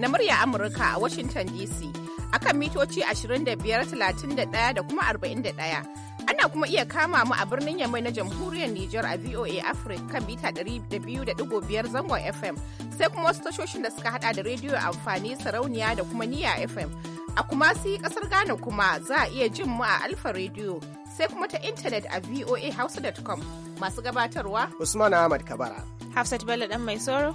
na murya Amurka a Washington DC akan mitoci 25,31 da kuma 41. Ana kuma iya kama mu a birnin Yamai na Jamhuriyar Nijar a VOA Africa kan mita 200.5 zangon FM sai kuma wasu tashoshin da suka hada da rediyo amfani sarauniya da kuma niya FM. A kuma su yi kasar Ghana kuma za a iya jin mu a Alfa Radio sai kuma ta intanet a VOA voahausa.com masu gabatarwa Usman Ahmad Kabara. Hafsat Bello dan mai soro.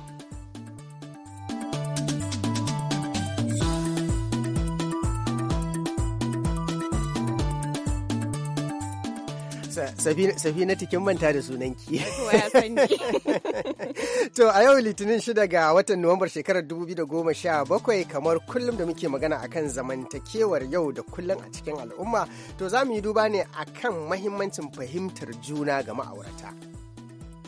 Safina cikin manta da sunanki. To a yau litinin shida ga watan Nuwambar shekarar 2017 kamar kullum da muke magana akan zamantakewar yau da kullum a cikin al'umma to za mu yi duba ne a kan mahimmancin fahimtar juna ga ma'aurata.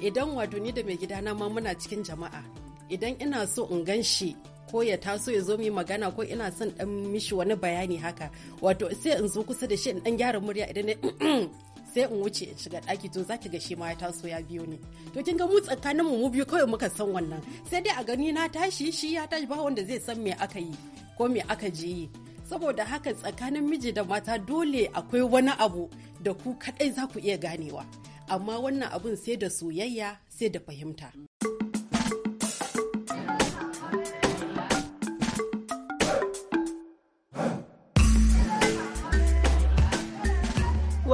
Idan wato ni da mai gidana ma muna cikin jama'a idan ina so in gan shi ko ya taso ya zo mu magana ko ina son dan mishi wani bayani haka wato sai in zo kusa da shi in dan gyara murya idan sai in wuce in shiga ɗaki to zaki ga shi ma ya taso ya biyo ne to kin ga mu tsakanin mu mu biyu kawai muka san wannan sai dai a gani na tashi shi ya tashi ba wanda zai san me aka yi ko me aka je yi saboda haka tsakanin miji da mata dole akwai wani abu da ku kaɗai za ku iya ganewa amma wannan abun sai da soyayya sai da fahimta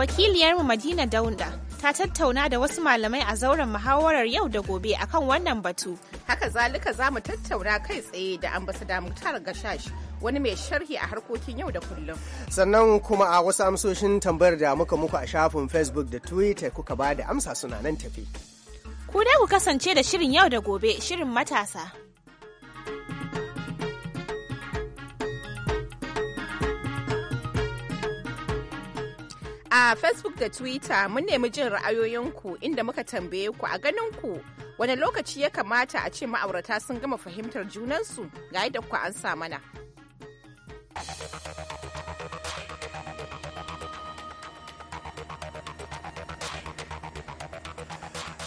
wakiliyarmu madina dauda ta tattauna da wasu malamai a zauren muhawarar yau da gobe akan wannan batu haka zalika za mu tattauna kai tsaye da ambasada muktar gashash wani mai sharhi a harkokin yau da kullum sannan kuma a wasu amsoshin tambayar da muka muku a shafin facebook da twitter kuka ba da amsa suna nan tafi ku dai ku kasance da shirin yau da gobe shirin matasa A Facebook da Twitter mun nemi jin ra'ayoyinku inda muka tambaye ku a ganin ku wani lokaci ya kamata a ce ma'aurata sun gama fahimtar junansu ga yadda ku an sa mana.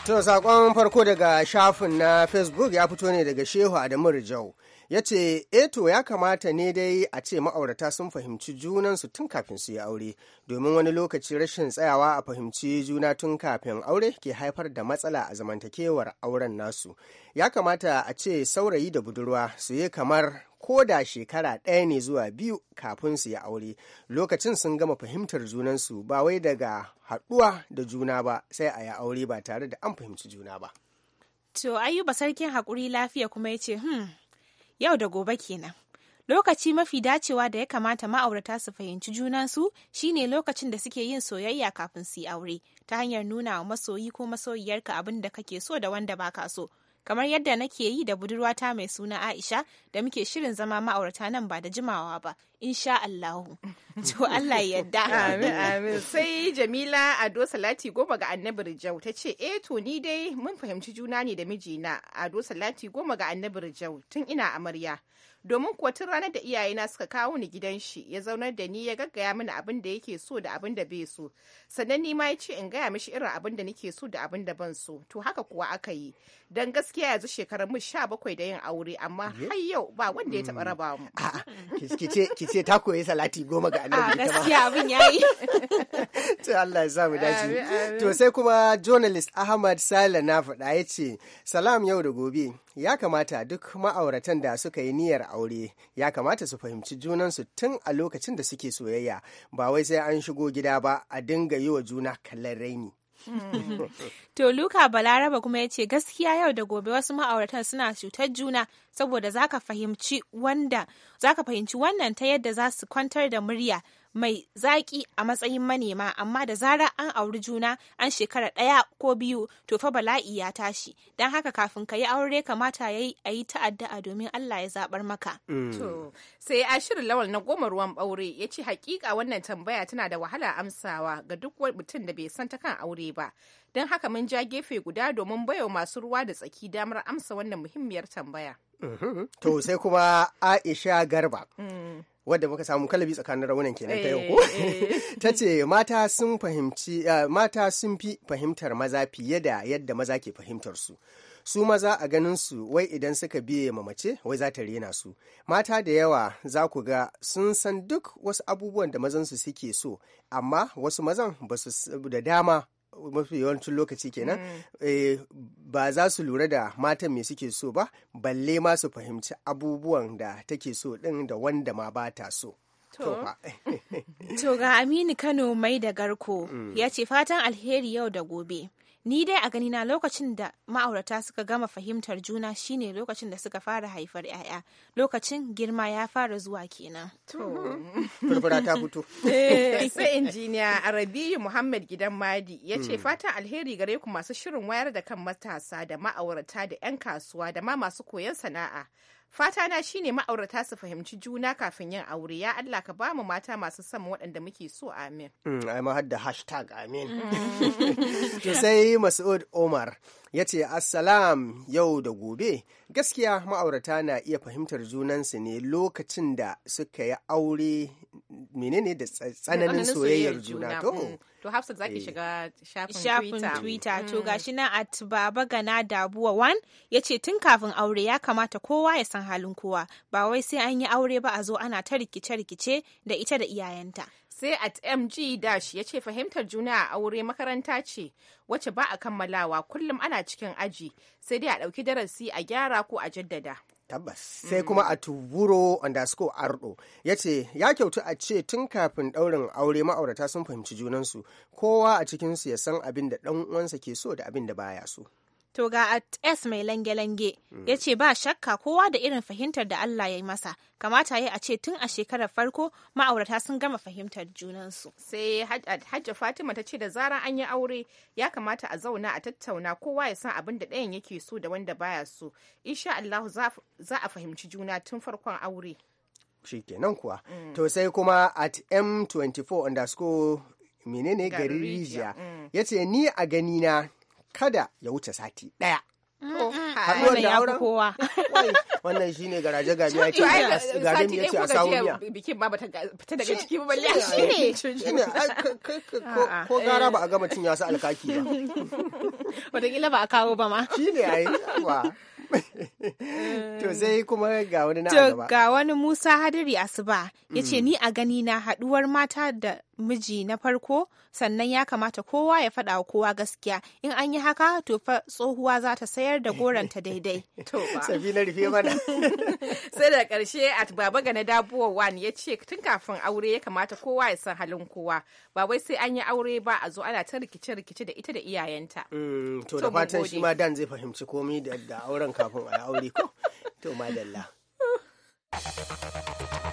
To, saƙon farko daga shafin na Facebook ya fito ne daga Shehu Adamu Rijau. ya ce eto eh ya kamata ne dai a ce ma'aurata sun fahimci junansu tun kafin su yi aure domin wani lokaci rashin tsayawa a fahimci juna tun kafin aure ke haifar da matsala a zamantakewar auren nasu ya kamata a ce saurayi da budurwa su yi kamar ko da shekara ɗaya ne zuwa biyu kafin su yi aure lokacin sun gama fahimtar junansu ba wai daga haɗuwa da juna ba sai a yi aure ba tare da an fahimci juna ba. To Ayuba sarkin hakuri lafiya kuma ya ce, hmm, yau da gobe kenan. Lokaci mafi dacewa da ya kamata ma'aurata su fahimci junansu shine lokacin da suke yin soyayya kafin su yi aure ta hanyar nuna wa masoyi ko masoyiyarka abin da kake so da wanda baka so kamar yadda nake yi da budurwata mai suna Aisha da muke shirin zama ma'aurata nan ba da jimawa ba insha Allahu to Allah ya yarda amin amin sai Jamila Ado Salati goma ga Annabi Rijau ta ce eh to ni dai mun fahimci juna ne da mijina Ado Salati goma ga Annabi Rijau tun ina amarya domin kuwa tun ranar da iyayena suka kawo ni gidan shi ya zaunar da ni ya gaggaya mini abin da yake so da abin da bai so sannan ni ma ya ce in gaya mishi irin abin da nake so da abin da ban so to haka kuwa aka yi dan gaskiya yanzu shekarar mu sha bakwai da yin aure amma har yau ba wanda ya taɓa mm. raba mu. ki ce ta koyi salati goma ga annabi ita ba. gaskiya abin yayi. to Allah ya sa mu to sai kuma journalist Ahmad Sale na faɗa ya ce salam yau da gobe ya kamata duk ma'auratan da suka yi niyyar aure ya kamata su fahimci junansu tun a lokacin da suke soyayya ba wai sai an shigo gida ba a dinga yi wa juna kallon raini hmm. To Luka Balaraba kuma ya ce gaskiya yau da gobe wasu ma'auratan suna cutar juna saboda zaka fahimci wanda zaka fahimci wannan ta yadda za su kwantar da murya mai zaƙi a matsayin manema amma da zarar an auri juna an shekara ɗaya ko biyu to fa bala'i ya tashi don haka kafin ka yi aure kamata ya yi a yi ta'adda'a domin Allah ya zaɓar maka. Mm. To sai shirin lawal na goma ruwan ɓaure ya ce hakika wannan tambaya tana da wahala amsawa ga duk mutum da bai san ta kan aure ba. Don haka mun ja gefe guda domin baiwa masu ruwa da tsaki damar amsa wannan muhimmiyar tambaya. Mm-hmm. To sai kuma Aisha Garba. Mm. wadda muka samu kalabi tsakanin raunin kenan ta yau ko eh, eh. ta ce mata sun fahimci eh, mata sun fi fahimtar maza fiye da yadda maza ke fahimtar su su maza a ganin su wai idan suka biye ma mace wai za ta rena su mata da yawa za ku ga sun san duk wasu abubuwan da mazan su suke so amma wasu mazan ba su da dama mafi yawancin lokaci kenan mm. eh, ba za su lura da matan me suke so ba balle ma su fahimci abubuwan da take so din da wanda ma ba ta so to ga aminu kano mai da garko mm. ya ce fatan alheri yau da gobe ni dai a ganina lokacin da ma'aurata suka gama fahimtar juna shine lokacin da suka fara haifar 'ya'ya lokacin girma ya fara zuwa kenan furfura ta fito eh, sai injiniya arabiyu muhammad gidan madi ya ce hmm. fatan alheri gare ku masu shirin wayar da kan matasa da ma'aurata da 'yan kasuwa da ma masu koyon sana'a fatana shine ma'aurata su fahimci juna kafin yin aure ya Allah ka bamu mata masu son waɗanda muke so amin. Mm, ai ma har da hashtag amin. Mm. To sai Masud Omar ya ce assalam yau da gobe gaskiya ma'aurata na iya fahimtar junansu ne lokacin da suka yi aure menene da tsananin soyayyar juna to mm. to za ki eh. shiga shafin twitter to mm. gashi na at baba gana dabuwa wan ya ce tun kafin aure ya kamata kowa ya san halin kowa ba wai sai an yi aure ba a zo ana ta rikice-rikice da ita da iyayenta sai at mg dash ya ce fahimtar juna a aure makaranta ce wacce ba a kammalawa kullum ana cikin aji sai dai a ɗauki darasi a gyara ko a jaddada tabbas sai kuma a tuburo underscore ardo ya ce ya kyautu a ce tun kafin ɗaurin aure ma'aurata sun fahimci junansu kowa a cikinsu ya san abin da ɗan uwansa ke so da abin da baya so To ga at S mai lange-lange hmm. ya ce ba shakka kowa da irin fahimtar da Allah ya yi masa, kamata ya a ce tun a shekarar farko ma'aurata sun gama fahimtar junansu. Sai Hajja Fatima ta ce da zarar an yi aure ya kamata a zauna a tattauna kowa ya san abin da ɗayan yake so da wanda baya so. Insha Allah za a fahimci juna tun farkon aure. Shi kenan kuwa. Hmm. To sai kuma at M24 underscore menene gari rijiya ya hmm. ce ni a ganina kada ya wuce sati ɗaya. haɗuwar da auren kowa wannan ne garaje gabi ya ce garin ya ce a sawu miya bikin ba ta fita daga ciki ba balle Shi ne. Eh. ko gara ba a gama cin yasa alkaki ba wataƙila ba a kawo ba ma shine ai wa to sai kuma ga wani na gaba ga wani Musa hadari Asuba yace mm. ni a gani na haɗuwar mata da miji na farko sannan ya kamata kowa ya faɗa wa kowa gaskiya in an yi haka to fa tsohuwa za ta sayar da goranta daidai to na rufe mana sai da karshe at baba ga na dabuwa wani ya ce tun kafin aure ya kamata kowa ya san halin kowa ba wai sai an yi aure ba a zo ana ta rikice rikice da ita da iyayenta mm, to da fatan shi ma dan zai fahimci komai da auren kafin a aure ko to madalla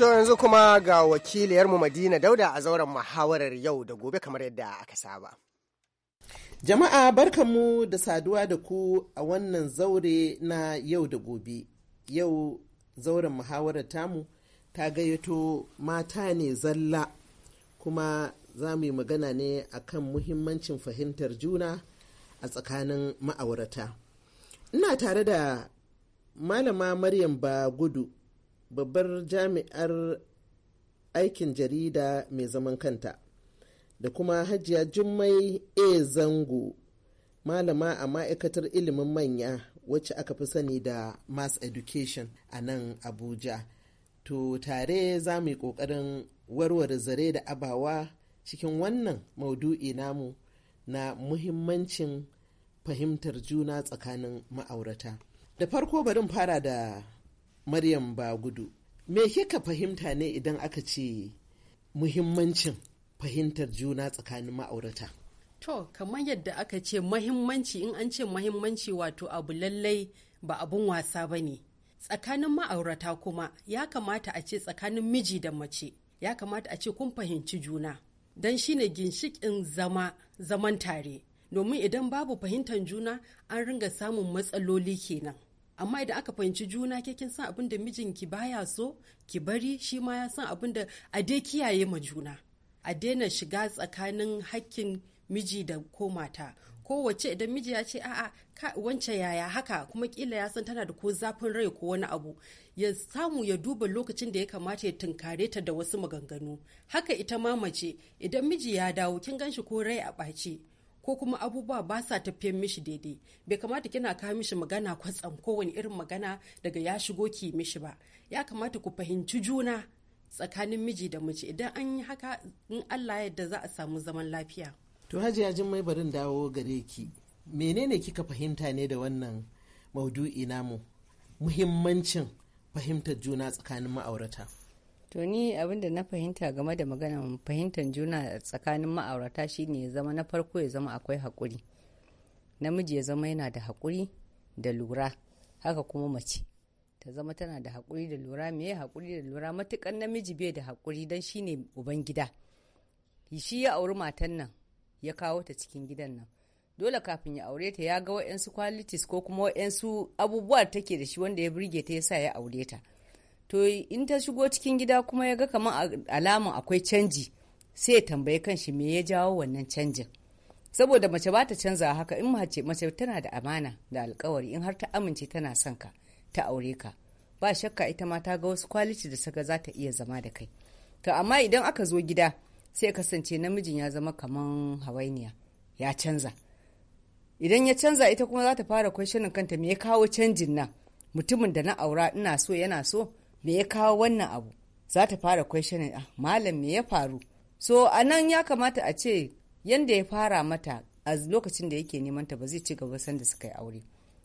To yanzu kuma ga wakiliyarmu Madina Dauda a zauren muhawarar yau da gobe kamar yadda aka saba. Jama'a barkanmu da saduwa da ku a wannan zaure na yau da gobe. Yau zauren muhawarar tamu ta gayyato mata ne zalla kuma za mu yi magana ne akan muhimmancin fahimtar juna a tsakanin ma'aurata. Ina tare da Malama Maryam Bagudu babbar jami'ar aikin jarida mai zaman kanta da kuma hajiya jummai a zango malama a ma'aikatar ilimin manya wacce aka fi sani da mass education a nan abuja to tare za mu yi ƙoƙarin warware zare da abawa cikin wannan maudu'i namu na muhimmancin fahimtar juna tsakanin ma'aurata da farko bari fara da Maryam Bagudu. Me kika fahimta ne idan aka ce muhimmancin fahimtar juna tsakanin ma'aurata? To, kamar yadda aka ce mahimmanci in an ce mahimmanci wato abu lallai ba abun wasa ba ne. Tsakanin ma'aurata kuma ya kamata a ce tsakanin miji da mace, ya kamata a ce kun fahimci juna. Don shi ne ginshiƙin zama zaman tare, domin idan babu fahimtar juna an ringa samun matsaloli kenan. amma idan aka fahimci juna ke kin san abin da mijinki baya so ki bari shi ma ya san abin da a dai kiyaye ma juna a daina shiga tsakanin hakkin miji da ko mata kowace idan miji ya ce a'a wance yaya haka kuma kila ya san tana da ko zafin rai ko wani abu ya samu ya duba lokacin da ya kamata ya tunkare ta da wasu maganganu haka ita ma mace idan miji ya dawo kin ganshi ko rai a ɓace ko kuma abubuwa ba sa tafiyan mishi daidai bai kamata kina kawo mishi magana kwatsam kowane irin magana daga ya shigo ki mishi ba ya kamata ku fahimci juna tsakanin miji da mace idan an yi haka in Allah yadda za a samu zaman lafiya to hajiya jin mai barin dawo gare ki menene kika fahimta ne da wannan maudu'i namu muhimmancin fahimtar juna tsakanin ma'aurata to ni abinda na fahimta game da magana fahimtar juna tsakanin ma'aurata shine ya zama na farko ya zama akwai haƙuri namiji ya zama yana da haƙuri da lura haka kuma mace ta zama tana da haƙuri da lura me ya haƙuri da lura matukan namiji bai da haƙuri don shine uban gida shi ya auri matan nan ya kawo ta cikin gidan nan dole kafin ya aure ta ya ga wa'yansu kwalitis ko kuma wa'yansu abubuwa take da shi wanda ya burge ta ya sa ya aure ta to in ta shigo cikin gida kuma ya ga kamar alamun akwai canji sai ya tambayi shi me ya jawo wannan canjin saboda mace ba ta canza haka in mace mace tana da amana da alkawari in har ta amince tana son ka ta aure ka ba shakka ita ma ta ga wasu kwaliti da saka za ta iya zama da kai to amma idan aka zo gida sai ya kasance namijin ya zama kaman hawainiya ya canza idan ya canza ita kuma za ta fara kwashinin kanta me ya kawo canjin nan mutumin da na aura ina so yana so me ya kawo wannan abu za ta fara questioning ah malam me ya faru so a nan ya kamata a ce yanda ya fara mata a lokacin da yake neman ta ba zai ci gaba sanda suka yi aure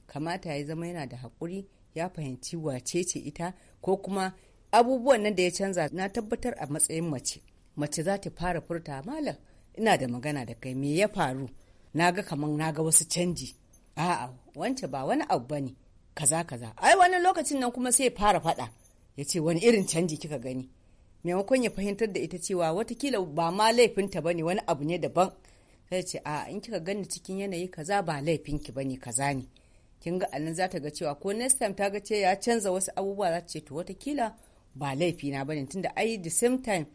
kamata ya zama yana da haƙuri ya fahimci wace ce ita ko kuma abubuwan nan da ya canza na tabbatar a matsayin mace mace za ta fara furta malam ina da magana da kai me ya faru na ga kamar na ga wasu canji a'a wance ba wani abu bane kaza kaza ai wani lokacin nan kuma sai fara faɗa ya ce wani irin canji kika gani maimakon ya fahimtar da ita cewa watakila ba ma laifinta ba ne wani abu ne daban sai ce a in kika gani cikin yanayi kaza ba laifinki ba ne kaza ne kin ga anan za ta ga cewa ko next time ta ga ce ya canza wasu abubuwa za ta ce to watakila ba laifina ba ne tunda ai the same time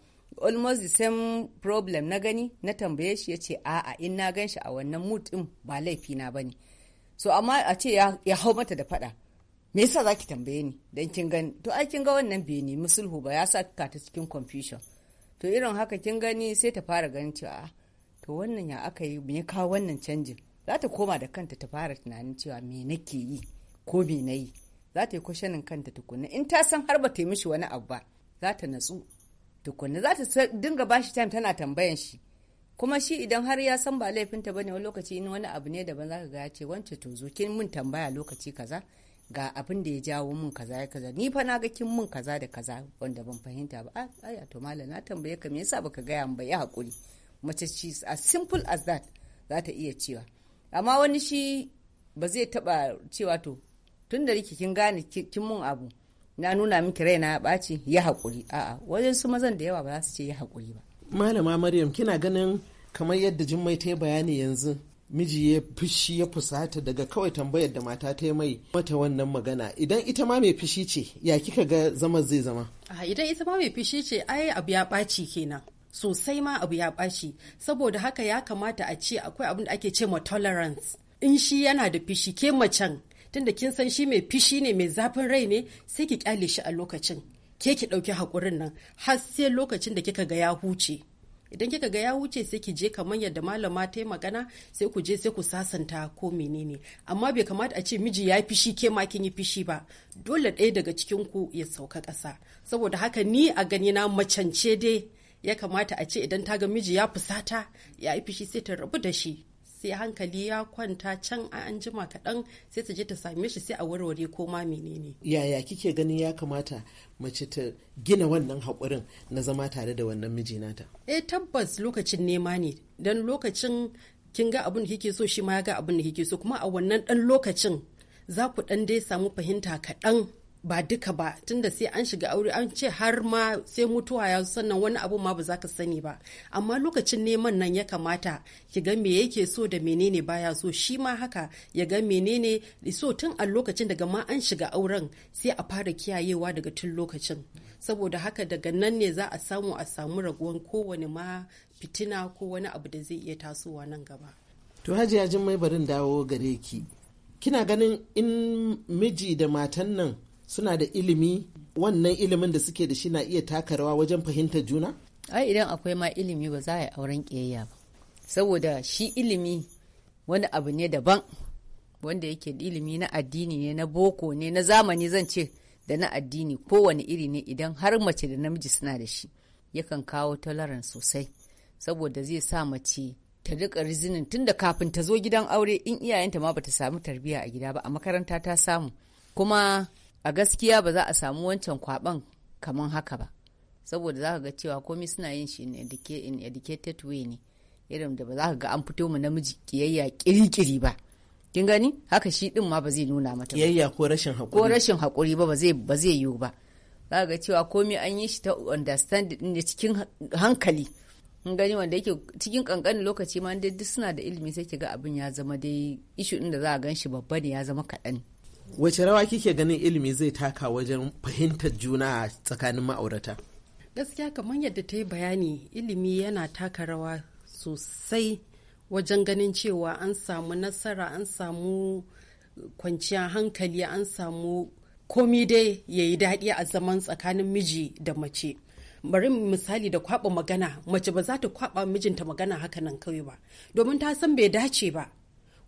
almost the same problem na gani na tambaye shi ya ce a'a in na gan shi a wannan mood din ba laifi na bane so amma a ce ya hau mata da fada. me yasa zaki tambaye ni dan kin gani to ai kin ga wannan bai nemi sulhu ba ya sa kika ta cikin confusion to irin haka kin gani sai ta fara ganin cewa ah, to wannan ya aka yi me kawo wannan canjin za ta koma da kanta ta fara tunanin cewa me nake yi ko me na yi za ta yi kwashanin kanta tukunna in ta san har ba ta yi mishi wani abu ba za ta natsu tukunna za ta dinga bashi time tana tambayan shi kuma shi idan har ya san ba laifinta bane wani lokaci in wani abu ne daban ka ga ya ce wance to zo kin mun tambaya lokaci kaza ga abin da ya jawo mun kaza ya kaza ni fa na ga kin mun kaza da kaza wanda ban fahimta ba a ah, to malam na tambaye ka me yasa baka gaya mun ba ya hakuri mace ci as simple as that za ta iya cewa amma wani shi ba zai taba cewa to tun da kin gane kin mun abu na nuna miki raina ya ɓaci ya hakuri a'a wajen su mazan da yawa ba za su ce ya hakuri ba malama maryam kina ganin kamar yadda jummai ta yi bayani yanzu miji ya fushi ya fusata daga kawai tambayar da mata ta mai mata wannan magana idan ita ma mai fushi ce ya kika ga zama zai zama ah, idan ita ma mai fishi ce ai abu ya ɓaci kenan sosai ma abu ya ɓaci saboda haka ya kamata a ce akwai abin da ake ce ma tolerance in shi yana da fishi ke macen tunda kin san shi mai fishi ne mai zafin rai ne sai ki kyale shi a lokacin ke ki ɗauki haƙurin nan har sai lokacin da kika ga ya huce idan kika ga ya wuce sai ki je kamar yadda malama ta yi magana sai ku je sai ku sasanta ko menene amma bai kamata a ce miji ya fishi ke ma kin yi fishi ba dole ɗaya daga cikin ku ya sauka ƙasa saboda haka ni a gani na macance dai ya kamata a ce idan ta ga miji ya fusata ya yi fishi sai ta rabu da shi sai hankali ya kwanta can an jima kaɗan sai ta je ta same shi sai a warware ko ma menene yaya kike ganin ya kamata mace ta gina wannan haƙurin na zama tare da wannan mijinata eh tabbas lokacin nema ne don lokacin kin ga abin da kike so shi ma ya ga abin da kike so kuma a wannan ɗan lokacin za ku ɗan dai samu fahimta kaɗan ba duka ba tunda sai an shiga aure an ce har ma sai mutuwa ya sannan wani abu ma ba za ka sani ba amma lokacin neman nan ya kamata ki ga me yake so da menene baya so shi ma haka ya ga menene so tun a lokacin daga ma an shiga auren sai a fara kiyayewa daga tun lokacin saboda haka daga nan ne za a samu a samu raguwan kowane ma fitina ko wani abu da zai iya tasowa nan gaba to hajiya jin mai barin dawo gare ki kina ganin in miji da matan nan suna da ilimi wannan ilimin da suke da shi na iya takarwa wajen fahimtar juna ai idan akwai ma ilimi ba za a yi auren ƙiyayya ba saboda shi ilimi wani abu ne daban wanda yake ilimi na addini ne na boko ne na zamani zan ce da na addini kowane iri ne idan har mace da namiji suna da shi yakan kawo tolerance sosai saboda zai sa mace ta rika rizinin tunda kafin ta zo gidan aure in iyayenta ma bata samu tarbiyya a gida ba a makaranta ta samu kuma a gaskiya ba za a samu wancan kwaban kamar haka ba saboda za ka ga cewa komai suna yin shi in educated way ne irin da ba za ka ga an fito mu namiji kiyayya kirikiri ba kin gani haka shi din ma ba zai nuna mata kiyayya ko rashin hakuri ko rashin hakuri ba ba zai ba zai yiwu ba za ka ga cewa komai an yi shi ta understand din ne cikin hankali kin gani wanda yake cikin kankanin lokaci ma dai duk suna da ilimi sai ki ga abin ya zama dai issue din da za a gan shi babba ne ya zama kaɗan wace rawa kike ganin ilimi zai taka wajen fahimtar juna tsakanin ma'aurata gaskiya kamar yadda ta yi bayani ilimi yana taka rawa sosai wajen ganin cewa an samu nasara an samu kwanciyar hankali an samu komi dai ya yi daɗi a zaman tsakanin miji da mace bari misali da kwaba magana mace ba za ta kwaba mijinta magana haka nan kawai ba domin ta san bai dace ba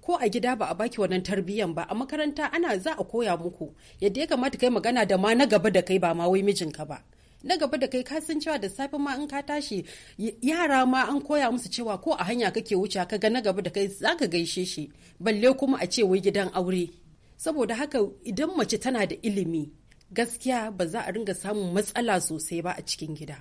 ko a gida ba a baki wannan tarbiyyan ba a makaranta ana za a koya muku yadda ya kamata kai magana da ma na gaba da kai ba ma wai mijinka ba na gaba da kai kasan cewa da safe ma in ka tashi yara ma an koya musu cewa ko a hanya kake wuce ka ga na gaba da kai zaka gaishe shi balle kuma a ce wai gidan aure saboda haka idan mace tana da ilimi gaskiya ba za a ringa samun matsala sosai ba a cikin gida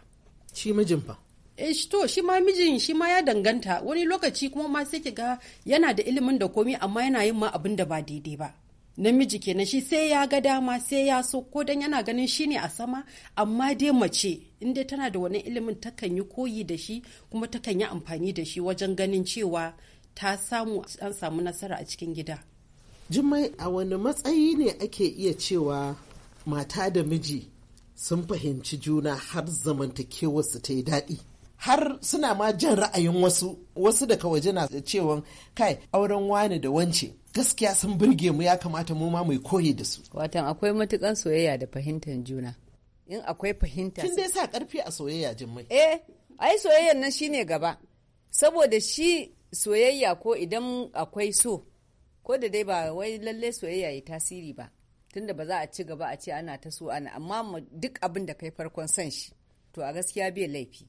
shi mijin fa eh to shi ma mijin shi ma ya danganta wani lokaci kuma ma sai ki ga yana da ilimin da komi amma yana yin ma abin da ba daidai ba namiji kenan shi sai ya ga dama sai ya so ko dan yana ganin shi ne a sama amma dai mace in dai tana da wani ilimin takan yi koyi da shi kuma takan yi amfani da shi wajen ganin cewa ta samu an samu nasara a cikin gida jimai a wani matsayi ne ake iya cewa mata da miji sun fahimci juna har su ta yi daɗi har suna ma jin ra'ayin wasu wasu daga waje na cewa kai auren wani da wance gaskiya sun burge mu ya kamata mu ma mu koyi da su watan akwai matukan soyayya da fahimtar juna in akwai fahimta kin dai sa karfi a soyayya jimmai eh ai soyayyan nan shine gaba saboda shi soyayya ko idan akwai so ko da dai ba wai lalle soyayya yi tasiri ba tunda ba za a ci gaba a ce ana ta so ana amma duk abin da kai farkon san shi to a gaskiya bai laifi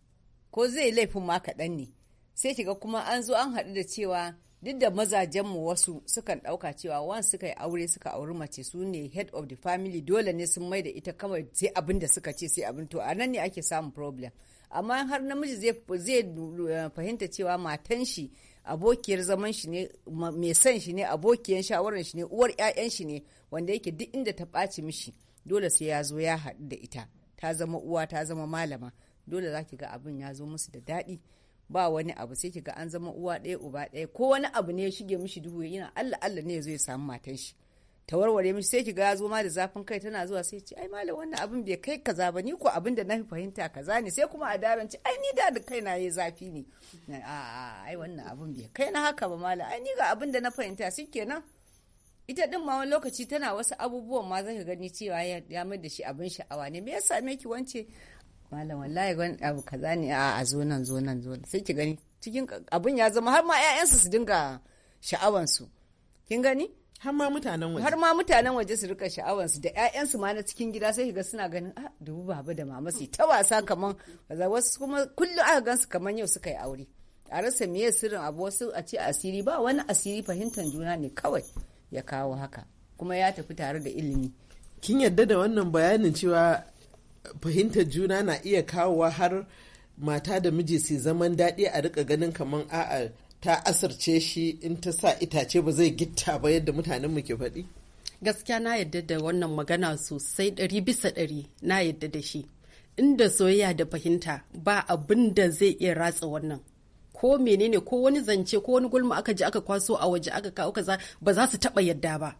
ko zai laifin ma kaɗan ne sai kiga kuma an zo an haɗu da cewa duk da mazajenmu wasu sukan ɗauka cewa wan suka yi aure suka auri mace su ne head of the family dole ne sun mai da ita kawai sai abin da suka ce sai abin to a nan ne ake samun problem amma har namiji zai eh, fahimta cewa matan shi abokiyar zaman shi ne mai son shi ne abokiyar shawarar shi ne uwar 'ya'yan shi ne wanda yake duk inda ta ɓaci mishi dole sai ya zo ya haɗu da ita ta zama uwa ta zama malama dole za ki ga abin ya zo musu da daɗi ba wani abu sai ki ga an zama uwa ɗaya uba ɗaya ko wani abu ne ya shige mishi duhu yana Allah Allah ne ya zo ya samu matan shi ta warware mishi sai ki ga ya zo ma da zafin kai tana zuwa sai ce ai malam wannan abin bai kai kaza ba ni ko abin da na fahimta kaza ne sai kuma a daren ci ai ni da da kai na yi zafi ne a ai wannan abin bai kai na haka ba malam ai ni ga abin da na fahimta kenan ita din ma wani lokaci tana wasu abubuwan ma zaka gani cewa ya mai da shi abin sha'awa ne me yasa me ki wance malam wallahi gwan abu kaza ne a a zo nan zo nan zo sai ki gani cikin abun ya zama har ma ƴaƴansu su dinga sha'awan su kin gani har ma mutanen waje har ma mutanen waje su rika sha'awan su da ƴaƴansu ma na cikin gida sai kiga suna ganin ah dubu baba da mama su ta wasa kaman kaza wasu kuma kullum aka gansu kaman yau suka yi aure a rasa meye sirrin abu wasu a ce asiri ba wani asiri fahimtar juna ne kawai ya kawo haka kuma ya tafi tare da ilimi kin yadda da wannan bayanin cewa fahimtar juna na iya kawowa har mata da miji su zaman daɗi a rika ganin kamar a'a ta asirce shi in ta sa itace ba zai gitta ba yadda mutanenmu ke faɗi? Gaskiya na yadda da wannan magana sosai ɗari bisa ɗari na yadda da shi. Inda soyayya da fahimta ba abin da zai iya ratsa wannan. Ko menene ko wani zance ko wani gulma aka ji aka kwaso a waje aka kawo kaza ba za su taɓa yadda ba.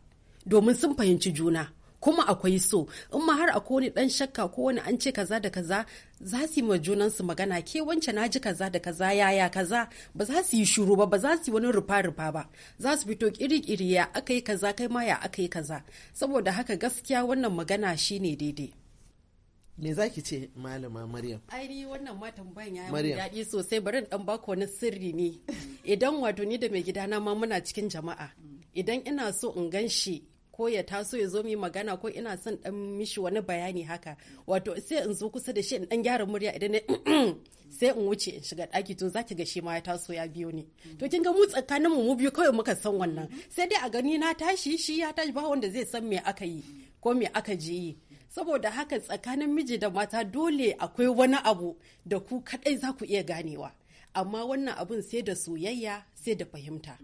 Domin sun fahimci juna. kuma akwai so in ma har akwai wani dan shakka ko wani an ce kaza da kaza za su yi ma junansu magana ke wance na ji kaza da kaza yaya kaza ba za su yi shuru ba ba za su yi wani rufa rufa ba za su fito kiri-kiri ya aka yi kaza kai ma ya aka yi kaza saboda haka gaskiya wannan magana shine daidai me za ki ce malama maryam ainihi wannan ma tambayan ya yi daɗi sosai bari in ɗan bako wani sirri ne idan wato ni da mai gidana ma muna cikin jama'a idan ina so in gan shi ko ya taso ya zo mu magana ko ina son dan mishi wani bayani haka wato sai in zo kusa da shi in dan gyara murya idan sai in wuce in shiga daki to zaki ga shi ma ya taso ya biyo ni to kin ga mu tsakanin mu mu biyu kawai muka san wannan sai dai a gani na tashi shi ya tashi ba wanda zai san me aka yi ko me aka je yi saboda haka tsakanin miji da mata dole akwai wani abu da ku kadai za ku iya ganewa amma wannan abun sai da soyayya sai da fahimta.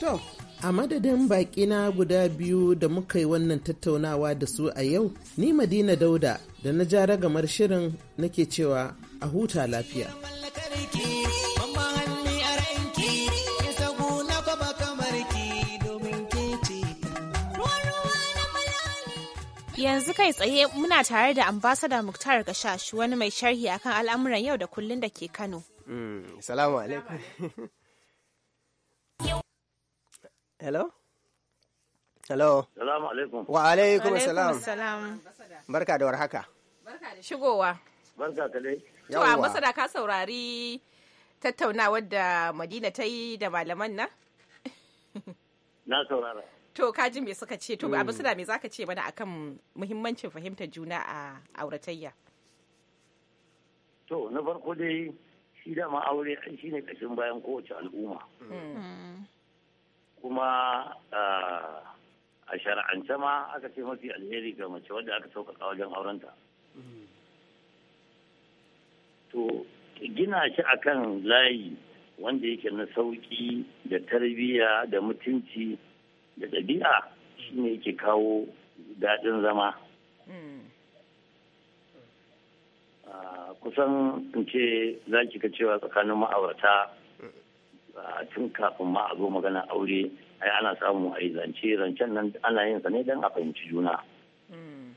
To, a madadin baƙi guda biyu da muka yi wannan tattaunawa da su a yau, ni Madina Dauda da na ja ragamar shirin nake cewa a huta lafiya. Yanzu kai tsaye muna tare da ambasada Muktar Gashash wani mai sharhi akan al'amuran yau da kullun da ke Kano. Mm, salamu alaikum. Hello? Hello. Salamu alaikum. Wa alaikum salam. Barka da warhaka. Barka da shigowa. Barka ka dai. Yawa. Masada ka saurari tattaunawar da Madina ta yi da malaman nan? Na saurara. To ka ji me suka ce to mm. a Masada me zaka ce mana akan muhimmancin fahimtar juna a auratayya? To na farko dai shi dama aure shi ne kashin bayan kowace al'umma hmm. kuma ah, a shara'ance ma aka ce mafi alheri ga mace wadda aka sauƙaƙa wajen aurenta to gina shi akan layi wanda yake na sauƙi da tarbiyya da mutunci da ɗabi'a shi ne yake kawo daɗin zama hmm. ah, kusan in ce za ki ga cewa tsakanin ma'aurata tun kafin ma a zo magana aure ai ana samu a yi zance zancen nan ana yin sa ne don a fahimci juna hmm.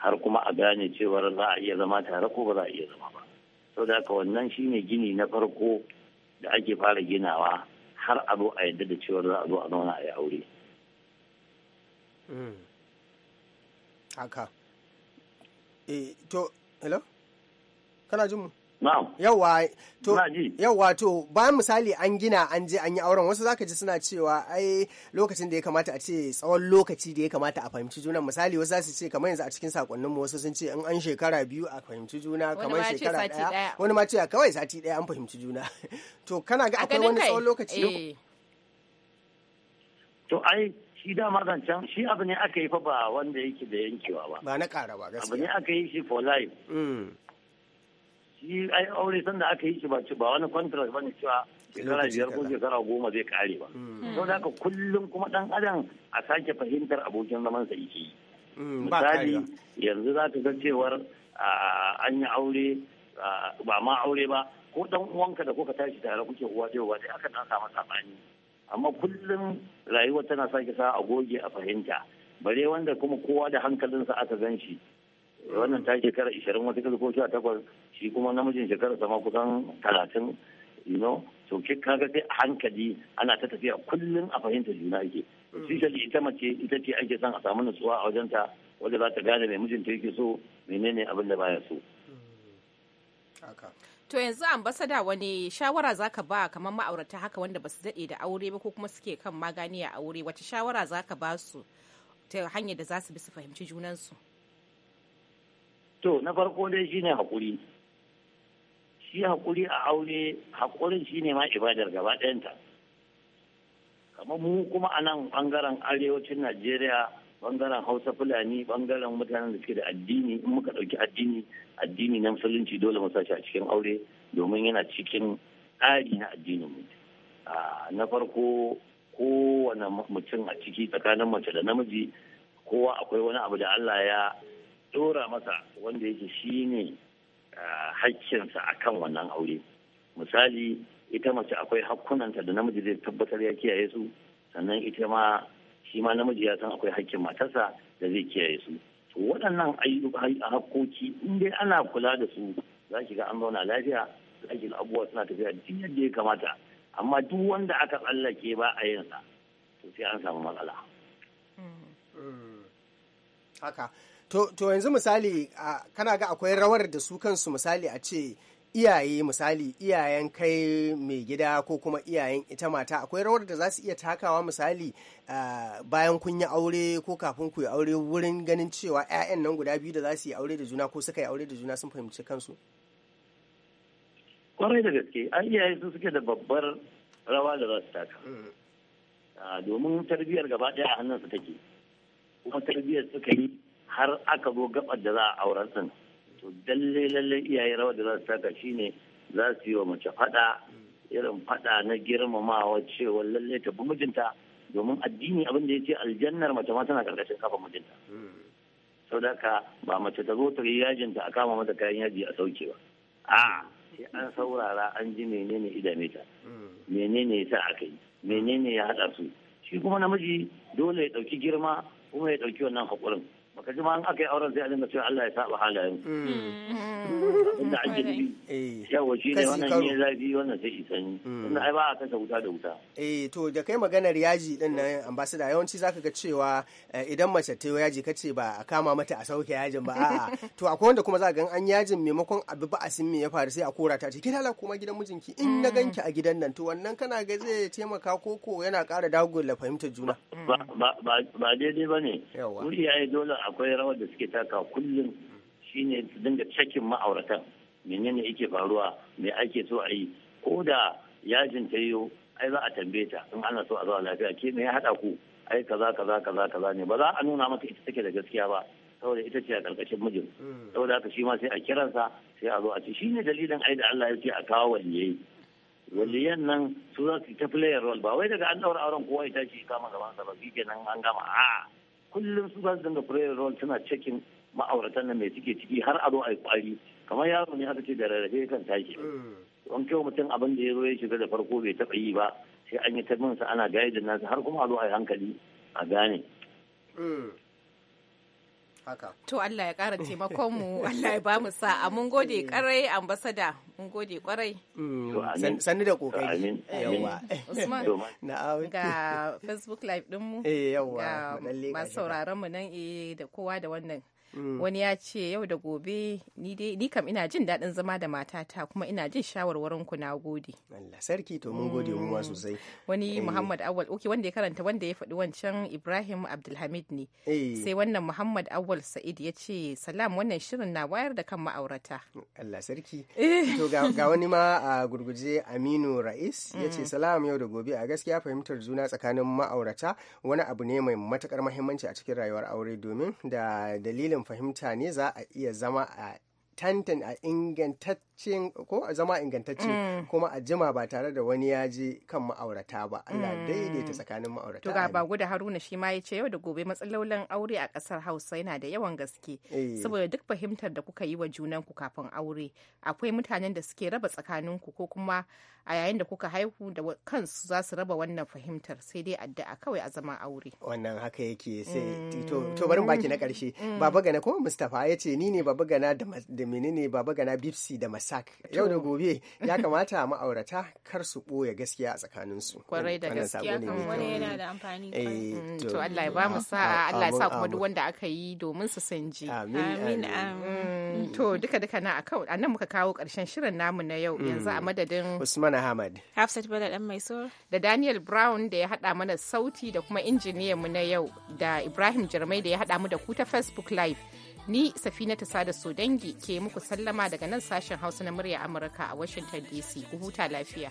har kuma a gane cewar za a iya zama tare ko ba za a iya zama ba sau da haka wannan shine gini na farko da ake fara ginawa har a zo a yadda da cewar za a zo a zauna a yi aure hmm. haka eh, to hello kana jin mu Na'am. Yawwa to to bayan misali an gina an je an yi auren wasu zaka ji suna cewa ai lokacin da ya kamata a ce tsawon lokaci da ya kamata a fahimci juna misali wasu za su ce kamar yanzu a cikin sakonnin mu wasu sun ce in an shekara biyu a fahimci juna kamar shekara daya wani ma ce kawai sati daya an fahimci juna to kana ga akwai wani tsawon lokaci eh. to ai shi dama can shi abu ne aka yi fa ba wanda yake da yankewa ba ba na kara ba gaskiya abu ne aka yi shi for life mm. shi ai aure sanda aka yi shi ba ba wani contract bane cewa shekara biyar ko shekara goma zai kare ba hmm. sau da haka kullum kuma dan adam a sake fahimtar abokin zaman sa yake yi hmm, misali yanzu za ka ga cewar an yi aure ba ma aure ba ko dan uwanka da kuka tashi tare kuke uwa da uwa dai aka dan samu sabani amma kullum rayuwar tana sake sa a goge a fahimta bare wanda kuma kowa da hankalinsa aka gan shi wannan ta shekara ishirin wata kila ko sha takwas shi kuma namijin shekara sama kusan talatin you know so ke kaga sai hankali ana ta tafiya kullum a fahimtar juna ake especially ita mace ita ce ake son a samu nutsuwa a wajenta wanda za ta gane mai mijinta yake so menene abin da baya so to yanzu ambasada wani shawara zaka ba kamar ma'aurata haka wanda basu daɗe da aure ba ko kuma suke kan magani a aure wata shawara zaka ba su ta hanyar da za su bi su fahimci junansu to na farko dai shine hakuri shi hakuri a aure hakurin shine ma ibadar gaba ɗayanta kamar mu kuma a nan bangaren arewacin najeriya ɓangaren hausa fulani ɓangaren mutanen da suke da addini in muka ɗauki addini addini na musulunci dole mu sashi a cikin aure domin yana cikin tsari na addinin mu na farko kowane mutum a ciki tsakanin mace da namiji kowa akwai wani abu da Allah ya dora masa wanda yake shi ne hakkinsa a kan wannan aure misali ita mace akwai hakkunanta da namiji zai tabbatar ya kiyaye su sannan ita ma shi ma namiji ya san akwai hakkin matarsa da zai kiyaye su to waɗannan hakkoki in dai ana kula da su za ki ga an zauna lafiya za ki ga abubuwa suna tafiya duk yadda ya kamata amma duk wanda aka tsallake ba a yin sa to sai an samu matsala hmm. Hmm. haka to yanzu misali kana ga akwai rawar da su kansu misali a ce iyaye misali iyayen kai mai gida ko kuma iyayen ita mata akwai rawar da za su iya takawa misali bayan kun yi aure ko kafin ku yi aure wurin ganin cewa 'ya'yan nan guda biyu da za su yi aure da juna ko suka yi aure da juna sun fahimci kansu kwarai da gaske an iyaye su suke da babbar rawa da za su taka mm. domin tarbiyyar gaba ɗaya a hannun su take kuma tarbiyyar suka yi har aka zo gabar da za a auren sun to dalle lalle iyaye rawa da za su taka shine za su yi wa mace fada irin fada na girmamawa cewa lalle ta bi mijinta domin addini abin da ya ce aljannar mace ma tana karkashin kafa mijinta sau da ka ba mace ta zo ta yi yajinta a kama mata kayan yaji a sauke ba a sai an saurara an ji menene idame ta menene ya sa aka yi menene ya haɗa su shi kuma namiji dole ya ɗauki girma kuma ya ɗauki wannan haƙurin ka ji ma aka yi auren sai a cewa Allah ya saba halayen mm. Abin da ake yi. Eh. Ya shi ne wannan yin zafi wannan sai sanyi. Mm. wannan ai ba a kasa wuta da wuta eh to da kai maganar yaji din nan ambasada yawanci zaka ga cewa eh, idan mace ta yi yaji kace ba a kama mata a sauke yajin ba a'a to akwai wanda kuma za ga an yajin maimakon abu ba a sin me ya faru sai a kora ta ce ki lala kuma gidan mijinki in na mm. ganki a gidan nan to wannan kana ga zai taimaka ko ko yana ƙara dagula fahimtar juna ba ba ba daidai bane yawa iyaye dole a akwai rawar da suke taka kullum shine su dinga cakin ma'auratan menene yake faruwa mai ake so a yi ko da yajin ta yiwu ai za a tambaye ta in ana so a zuwa lafiya ke me ya haɗa ku ai kaza kaza kaza kaza ne ba za a nuna maka ita take da gaskiya ba saboda ita ce a ƙarƙashin mijin hmm. saboda haka shi ma sai a kiransa sai a zo a ci ne dalilin ai da Allah ya ce a kawo waliyayi waliyan nan su za su ta player role ba wai daga an ɗaura auren kowa ya tashi kama gaban sa ba shi kenan an gama a'a kullum su za su dinga prayer ruwan tana cikin ma'auratan nan mai suke ciki har a zo a yi kwari kamar yaro ne aka ce da rarrafe kan tashi mm. an kyau mutum abin da ya zo ya shiga da farko bai taɓa yi ba sai an yi ta sa ana gaidin nasa har kuma a zo a yi hankali a gane mm. To Allah ya ƙara taimakon mu, Allah ya ba mu sa'a. Mun gode eh. ƙarai ambasada Mun gode kwarai. Mm, sani da kokari. Yawa. Usman. Ga Facebook Live ɗinmu. Eh, ga masu sauraron mu nan eh, da kowa da wannan Mm. wani ya ce yau da gobe ni dai ni kam ina jin daɗin zama da matata kuma ina jin shawarwarin ku na gode Allah sarki to mun gode mu ma mm. sosai wani eh. Muhammad Awal oke wanda ya karanta wanda ya faɗi wancan Ibrahim Abdulhamid ne eh. sai wannan Muhammad Awal Sa'id ya ce salam wannan shirin na wayar da kan ma'aurata Allah sarki eh. to ga wani ma a gurguje Aminu Ra'is ya ce mm. salam yau da gobe a gaskiya fahimtar juna tsakanin ma'aurata wani abu ne mai matukar muhimmanci a cikin rayuwar aure domin da dalilin dalilin fahimta ne za a iya zama a tantan a ingantaccen ko a zama ingantacce mm. kuma a jima ba tare da wani ya je kan ma'aurata ba Allah mm. daidaita tsakanin ma'aurata to ga ba da Haruna shi ma yace yau da gobe matsalolin aure a kasar Hausa yana da yawan gaske eh. saboda duk fahimtar da kuka yi wa junan ku kafin aure akwai mutanen da suke raba tsakanin ku ko kuma a yayin da kuka haihu da kansu za su raba wannan fahimtar sai dai addu'a kawai a zaman aure wannan haka yake sai mm. to barin baki na karshe mm. baba gana ko mustapha ya ce ni ne baba gana da menene baba gana bipsi da masak yau da gobe ya kamata ma'aurata kar su ɓoye gaskiya a tsakaninsu kwarai da gaskiya kan wani yana da amfani eh, mm, to Allah ya ba mu sa'a Allah ya sa kuma duk wanda aka yi domin su san ji amin amin to duka duka na a nan muka kawo karshen shirin namu na yau yanzu a madadin Usman Ahmad. Hafsat Bala dan mai Da Daniel Brown da ya haɗa mana sauti da kuma injiniyan mu na yau da Ibrahim Jarmai da ya haɗa mu da ku ta Facebook Live. Ni Safina ta sada dangi ke muku sallama daga nan sashen Hausa na murya Amurka a Washington DC. Ku huta lafiya.